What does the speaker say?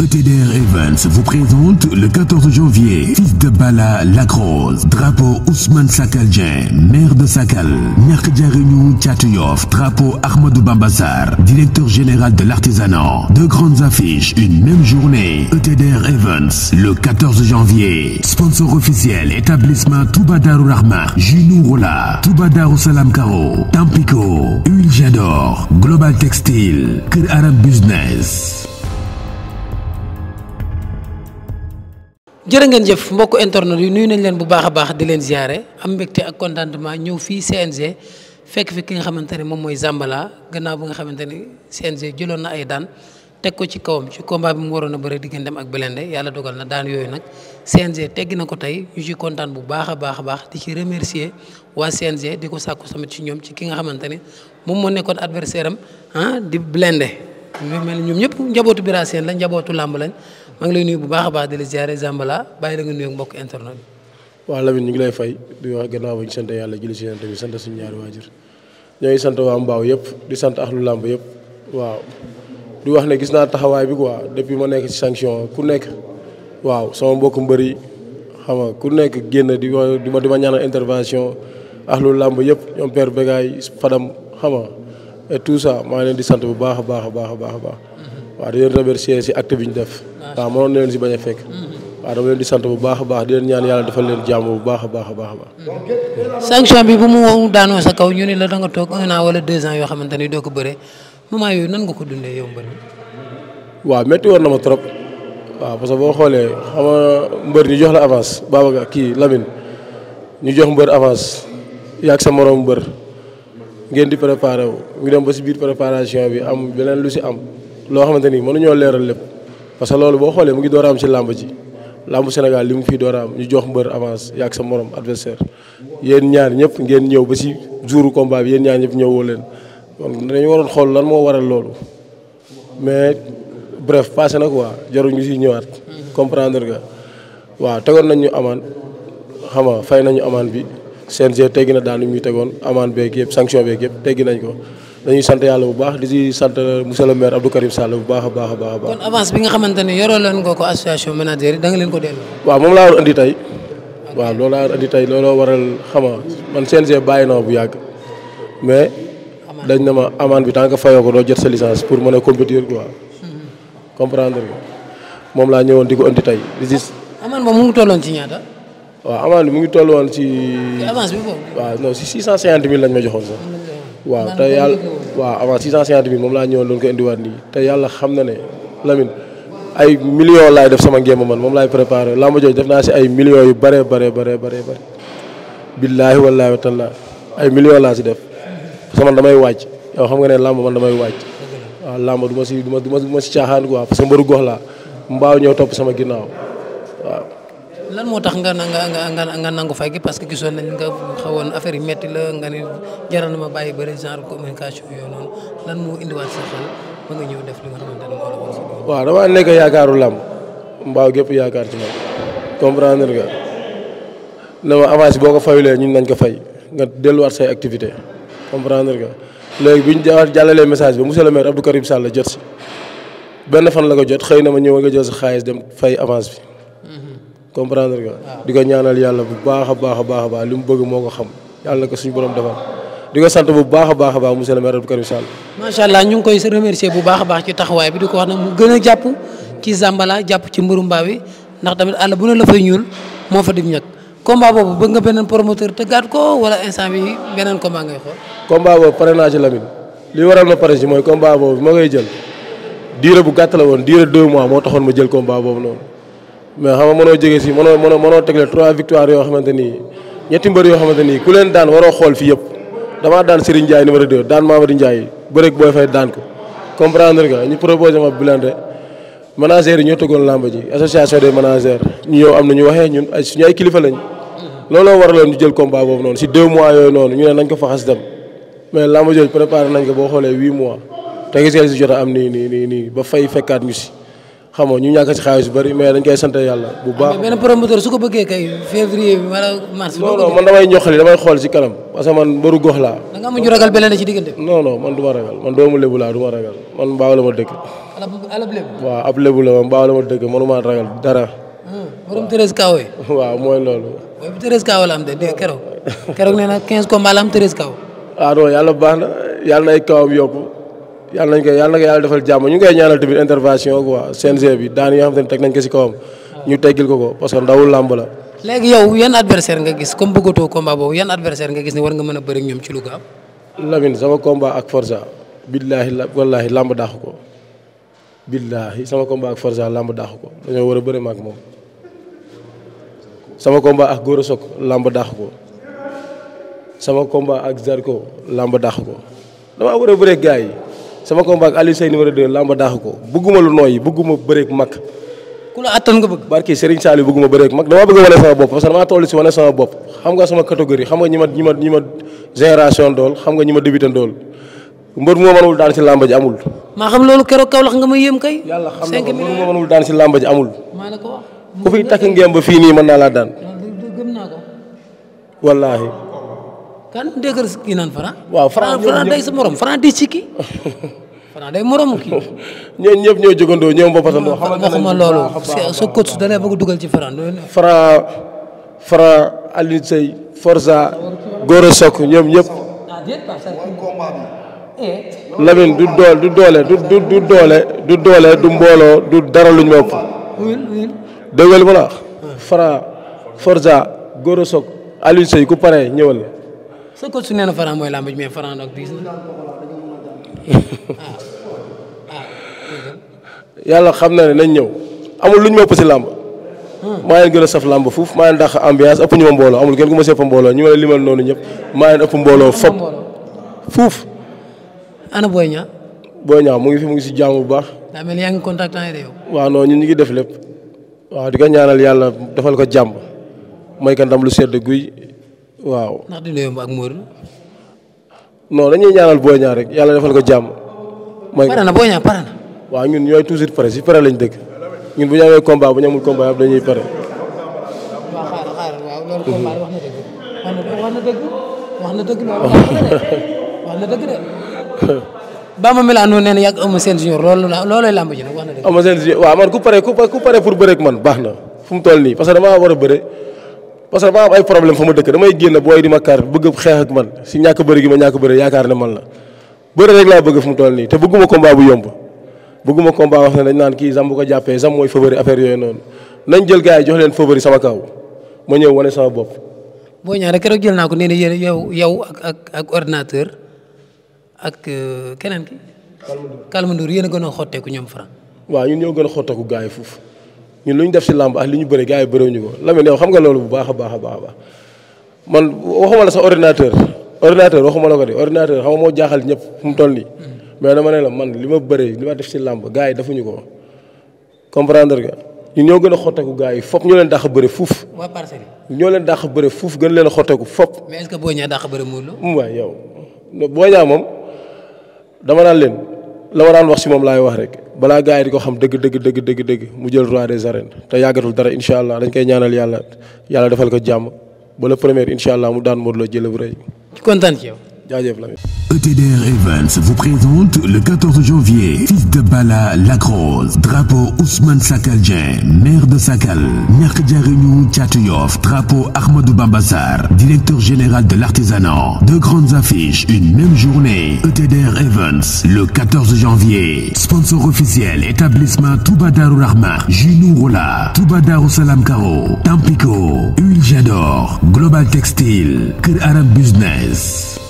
ETDR Events vous présente le 14 janvier fils de Bala Lacrosse drapeau Ousmane Sakal maire de Sakal ñàkk jariñu Thiatou drapeau Ahmadou Bamba directeur général de l'artisanat deux grandes affiches une même journée ETDR Events le 14 janvier sponsor officiel établissement Touba Darou Rahma Junourola Touba Darou Salam Karo Tampico Huile Global Textile Kër Arab Business jërë ngeen jëf mbokk internet yi nuyu nañ leen bu baax a baax di leen ziare am mbégte ak contentement ñëw fii CNG fekk fi ki nga xamante ne moom mooy Zambala gannaaw bi nga xamante ne CNG jëloon na ay daan teg ko ci kawam ci mu waroon a bëre digganteem ak Blindé yàlla dogal na daan yooyu nag CNG teggi na ko tey ñu ci bu baax a baax a baax di ci remercier waa CNG di ko sàkku samit ci ñoom ci ki nga xamante ne moom moo nekkoon adversaire am ah di Blindé ñu mel ñoom ñëpp njabootu Bira Sène la njabootu làmb lañ maa ngi lay nuyu bu baax a baax di la ziare Zambala bàyyi la nga nuyu mbokk internet bi. waaw Lamine ñu ngi lay fay di wax gannaaw ba ñu sant yàlla julli si yonent bi sant suñu ñaari waajur ñoo ngi sant waa Mbaaw yëpp di sant axlu làmb yëpp waaw di wax ne gis naa taxawaay bi quoi depuis ma nekk ci sanction ku nekk waaw sama mbokk mbëri xam nga ku nekk génn di ma di ma ñaanal intervention axlu làmb yëpp ñoom Père Bégaay Fadam xam nga et tout ça maa ngi leen di sant bu baax a baax a baax a baax. waa di leen remercier si act bi ñu def waaw mënoon na leen si bañ a fekk mm-hmm. waaw dama leen di sant bu baax a baax di ñaan yàlla defal leen jàmm bu baax a baax a baax a mm-hmm. sanction bi bu mu daanoo sa kaw ñu ne la da nga toog wala deux ans yoo xamante ni doo ko bëree moment yooyu nan nga ko dundee yow mbër mi waaw métti woon na ma trop waaw parce que boo xoolee xam nga mbër ñu jox la avance Babacar kii Lamine ñu jox mbër avance yàgg sa moroom mbër ngeen di préparé wu ñu dem ba si biir préparation bi am beneen lu si am loo xamante ni mënuñoo leeral lépp parce que loolu boo xoolee mu ngi door am ci làmb ji làmb Sénégal li mu fiy door am ñu jox mbër avance yaag sa morom adversaire yéen ñaar ñëpp ngeen ñëw ba si jouru combat bi yéen ñaar ñëpp ñëwoo leen kon dañu waroon xool lan moo waral loolu mais bref passé na quoi jarul ñu si ñëwaat comprendre nga waaw tegoon nañ ñu amaan xam nga fay nañu amaan bi CNG teggi na daanu ñuy tegoon amaan beeg yëpp sanction beeg teggi nañ ko dañuy sant yàlla bu baax di si sant monsieur le maire Abdou Karim Sall bu baax a baax a baax. kon avance bi nga xamante yoroo leen nga ko association manager yi leen ko dellu. waaw moom laa war tey waaw loolu laa war andi tey looloo waral xama bu yàgg mais dañ ne ma amende tant que fayoo ko doo jot sa licence pour mën a compétir quoi. comprendre nga laa ñëwoon di ko andi tey di gis. amende boobu mu ngi tolloon ci ñaata. waa amende bi mu ngi tolloon ci. avance bi boobu. waaw non si 650 000 lañ ma joxoon sax. waaw te yàlla waaw avant 650 mille moom laa ñëwoon doon ko te yàlla xam na ne Lamine ay millions laay def sama ngéem man moom laay préparé làmb jooju def naa si ay millions yu bëree bëree bëree bëri billaahi wallaahi wa taala ay millions laa si def parce damay wàcc yow xam nga ne làmb man damay wàcc waaw làmb du ma si du ma si caaxaan quoi parce mbaru gox laa mbaaw ñëw topp sama ginnaaw moo tax nga nga nga nga nangu fay parce que gisoon nañ nga xawoon affaire yi metti la nga ni jaral na ma bàyyi bëri genre communication yooyu noonu lan moo indiwaat sa xel ba nga ñëw def li nga la woon si waaw damaa nekk yaakaaru làmb mbaaw gépp yaakaar ci man comprendre nga ne ma avance boo ko fayulee ñun nañ ko fay nga delluwaat say activité comprendre nga léegi bi ñu jàllalee message bi monsieur le maire Abdou Karim Sall jot si benn fan la ko jot xëy na ma ñëw nga jël sa xaalis dem fay avance comprendre nga ah. di ko ñaanal yàlla bu baax a baax a baax a baax li mu bëgg moo ko xam yàlla na ko suñu borom defal di ko sant bu baax a baax a baax monsieur le maire Abdou Karim allah ñu ngi koy remercier bu baax a baax ci taxawaay bi di ko wax nag mu gën a jàpp ci Zambala jàpp ci mburu mbaa bi ndax tamit àll bu ne la fay ñuul moo fa dim ñag combat boobu bëgg nga beneen promoteur tëggaat ko wala instant bi beneen combat ngay xool. combat boobu pare naa ci Lamine ma pare ci mooy combat boobu ma ngay jël diire bu gàtt la woon diire ma jël combat boobu mais xam nga mënoo jege si mënoo mënoo mënoo tegle trois victoires yoo xamante ni ñetti mbër yoo xamante ni ku leen daan waroo xool fii yëpp damaa daan Serigne Ndiaye numéro 2 daan Mamadou Ndiaye bëreeg booy fay daan ko comprendre yi ñoo tëggoon làmb association des managers ñu am na ñu waxee ñun ay suñu ay kilifa lañ looloo waraloon ñu jël combat boobu noonu si deux mois yooyu noonu ñu ne nañ ko faxas dem mais làmb jooju nañ ko boo xoolee huit mois te gis si jot am nii nii nii nii si xam nga ñu ñàkk ci xaalis bu bëri mais dañ koy sant yàlla bu baax. mais benn promoteur su ko bëggee kay da nga mujj ragal beneen ci diggante. non non man du ma ragal man doomu lébu laa du ma ragal man mbaaw ah, na 15 combats la am Thérèse yàlla nañ ko yàlla na ko yàlla defal jàmm ñu ngay ñaanal tamit intervention quoi CNG bi daan yi xam ne teg nañ ko si kawam ñu teggil ko ko parce que ndawul làmb la léegi yow yan adversaire nga gis comme bëggatoo combat boobu yan adversaire nga gis ne war nga mën a bëri ñoom ci lu gaaw Lamine sama combat ak Forza billaahi wallaahi làmb daaxu ko billaahi sama combat ak Forza daaxu ko dañoo war a bëri maag moom sama combat ak Gora Sock làmb daaxu ko sama combat ak Zarko làmb daaxu ko yi sama combat ak Aliou Seye numéro 2 lamba ko bëgguma lu nooy bëgguma bëreek mag. ku la attan nga bëgg. barki Serigne Saliou bëgguma bëreek mag dama bëgg a wane sama bopp parce que damaa toll si wane sama bopp xam nga sama catégorie xam nga ñi ma ñi ma ñi ma génération dool xam nga ñi ma débutant dool mbër moo mënul daan si lamba ji amul. maa xam loolu keroog kaw lax nga ma yéem kay. yàlla xam na ko mbër moo mënul daan si lamba ji amul. maa la ko wax. ku fi takk ngemb fii nii mën naa laa daan. wallaahi kan déggal kii naan Franc. waaw Franc ah, day sa morom Franc di ci kii. Franc day morom kii. ñooñu ñëpp ñoo jógandoo ñoom ba patandoo. waxuma loolu parce que sa coach da lay dugal ci Franc. Franc Franc Alioune Seye Forza Gora Sock ñoom ñëpp. Ah, eh. Lamine du doole du doole du du du mbooloo du dara luñ ma ëpp. dégg nga la wax. Forza Gora Sock Alioune Seye ku pare ñëwal. sa coach su nee na Franc mooy làmb ji mais Franc yàlla xam na ne nañ ñëw amul luñ ma ëpp si làmb. Hmm. maa leen gën a saf làmb fuuf maa leen dàq ëpp ñu ma mbooloo amul kenn ku ma sepp mbooloo ñu ma leen limal noonu ñëpp maa ëpp mbooloo fop fuuf. ana Boy Niang. Boy Niang mu ngi fi mu ngi si jàmm bu baax. daa mel ni ñu ngi def lépp. waaw di ko ñaanal yàlla defal ko jàmm may ko ndam lu sedd guy waaw ndax dina yomb ak Modou. non dañuy ñaanal Boy Niang rek yàlla defal ko jàmm. mooy pare na Boy Niang pare na. waaw ñun ñooy toujours pare si pare lañ dëkk ñun bu ñu amee combat bu ñu amul combat yëpp dañuy pare. waaw xaaral xaaral waaw loolu mhm. combat wax na dëgg. wax na dëgg wax na dëgg loolu wax la looloo làmb ji nag na dëgg. Eumeu Sène junior waaw man ku pare ku pare pour bëreeg man baax na fu mu toll nii parce que war a bëre. parce que dama am ay problème fa ma dëkk damay génn booy di ma kar bëgg xeex ak man si ñàkk bëri gi ma ñàkk bëri yaakaar ne man la bëri rek laa bëgg fu mu toll nii te bëgguma combat bu yomb bëgguma combat wax ne dañ naan kii zam bu ko jàppee zam mooy favori affaire yooyu noonu nañ jël gars jox leen favori sama kaw ma ñëw wane sama bopp. boo ñaaree keroog jël naa ko nee na yéen yow yow ak ak ak ordinateur ak euh, keneen ki. Kalmandour Kalmandour yéen a gën a xotteeku ñoom Franc. waaw ñu ñëw gën a xotteeku gars yi foofu ñun lu ñu def si làmb ak li ñu bëri gars yi bëriwuñu ko Lamine yow xam nga loolu bu baax a baax a baax man waxuma la sa ordinateur ordinateur waxuma la ko de ordinateur xam nga moo jaaxal ñëpp mu toll nii mais dama ne la man li ma bëri li ma def si làmb gars yi defuñu ko comprendre nga ñu ñoo gën a xotteeku gars yi fop ñoo leen dàq bëri fuuf. waa parcelle yi. ñoo leen dàq bëri fuuf gën leen a xotteeku fop. mais est-ce que boo ñëwee dàq bëri muul yow ñaa moom dama naan leen la ma daan wax si moom laay wax rek balaa gars yi di ko xam dëgg dëgg dëgg dëgg dëgg mu jël roi des arènes te yàggatul dara incha allah dañ koy ñaanal yàlla yàlla defal ko jàmm ba le premier incha allah mu daan Modou Lo jëlee bu rëy. ci kontaan ci yow. jaajëf Lamine. ETDR Events vous présente le 14 janvier fils de Bala Lacrosse drapeau Ousmane Sakal Dieng maire de Sakal ñàkk jariñu Thiatou Yoff drapeau Ahmadou Bamba Sarr directeur général de l'artisanat deux grandes affiches une même journée Events le 14 janvier sponsor officiel établissement Touba Darou Rahmah Junou Rola Touba Darou Salam Karo Tampico Global Textile Kër Arab Business